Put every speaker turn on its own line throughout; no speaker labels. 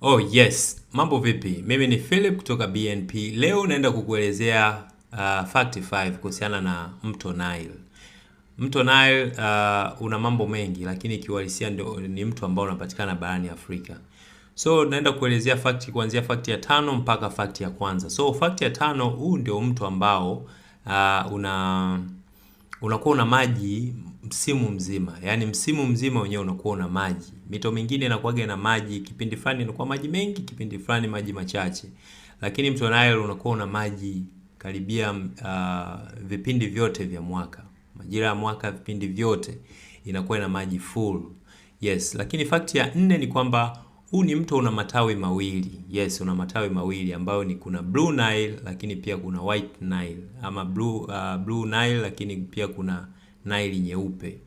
Oh yes, mambo vipi? Mimi ni Philip kutoka BNP. Leo naenda kukuelezea uh, fact 5 kuhusiana na mto Nile. Mto Nile uh, una mambo mengi lakini kiuhalisia ndio ni mto ambao unapatikana barani Afrika. So naenda kuelezea fact kuanzia fact ya tano mpaka fact ya kwanza. So fact ya tano, huu ndio mto ambao uh, una unakuwa una maji msimu mzima, yaani msimu mzima wenyewe unakuwa una maji. Mito mingine inakuwaga na maji, kipindi fulani inakuwa maji mengi, kipindi fulani maji machache, lakini mto Nile unakuwa una maji karibia uh, vipindi vyote vya mwaka, majira ya mwaka, vipindi vyote inakuwa na maji full. Yes, lakini fakti ya nne ni kwamba huu ni mto una matawi mawili. Yes, una matawi mawili ambayo ni kuna Blue Nile lakini pia kuna White Nile ama blue, uh, Blue Nile lakini pia kuna naili nyeupe.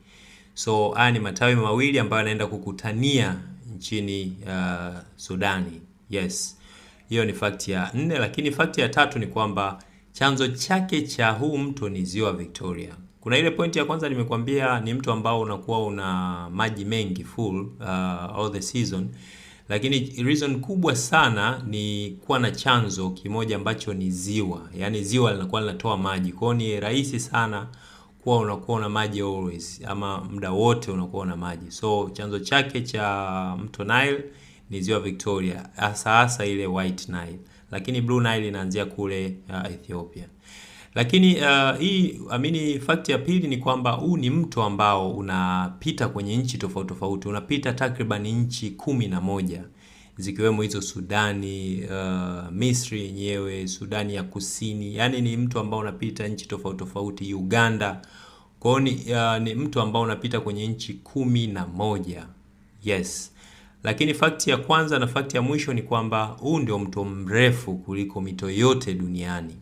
So haya ni matawi mawili ambayo yanaenda kukutania nchini uh, Sudani. Yes, hiyo ni fakti ya nne, lakini fakti ya tatu ni kwamba chanzo chake cha huu mto ni ziwa Victoria. Kuna ile pointi ya kwanza nimekwambia, ni mto ambao unakuwa una maji mengi full uh, all the season, lakini reason kubwa sana ni kuwa na chanzo kimoja ambacho ni ziwa, yaani ziwa linakuwa linatoa maji, kwao ni rahisi sana kuwa unakuwa na maji always, ama muda wote unakuwa na maji. So chanzo chake cha mto Nile ni ziwa Victoria, hasa hasa ile White Nile, lakini Blue Nile inaanzia kule uh, Ethiopia. Lakini uh, hii amini fact ya pili ni kwamba huu ni mto ambao unapita kwenye nchi tofauti tofauti, unapita takriban nchi kumi na moja zikiwemo hizo Sudani, uh, Misri yenyewe, Sudani ya Kusini, yaani ni mtu ambao unapita nchi tofauti tofauti, Uganda. Kwa hiyo uh, ni mtu ambao unapita kwenye nchi kumi na moja. Yes, lakini fakti ya kwanza na fakti ya mwisho ni kwamba huu ndio mto mrefu kuliko mito yote duniani.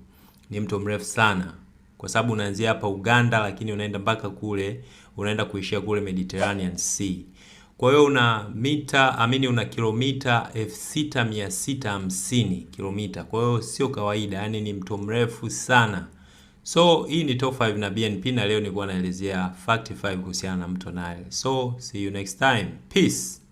Ni mto mrefu sana kwa sababu unaanzia hapa Uganda, lakini unaenda mpaka kule, unaenda kuishia kule Mediterranean Sea. Kwa hiyo una mita amini, una kilomita 6650 kilomita. Kwa hiyo sio kawaida, yani ni mto mrefu sana. So hii ni top 5 na BNP na leo nilikuwa naelezea fact 5 kuhusiana na mto Nile. So see you next time. Peace.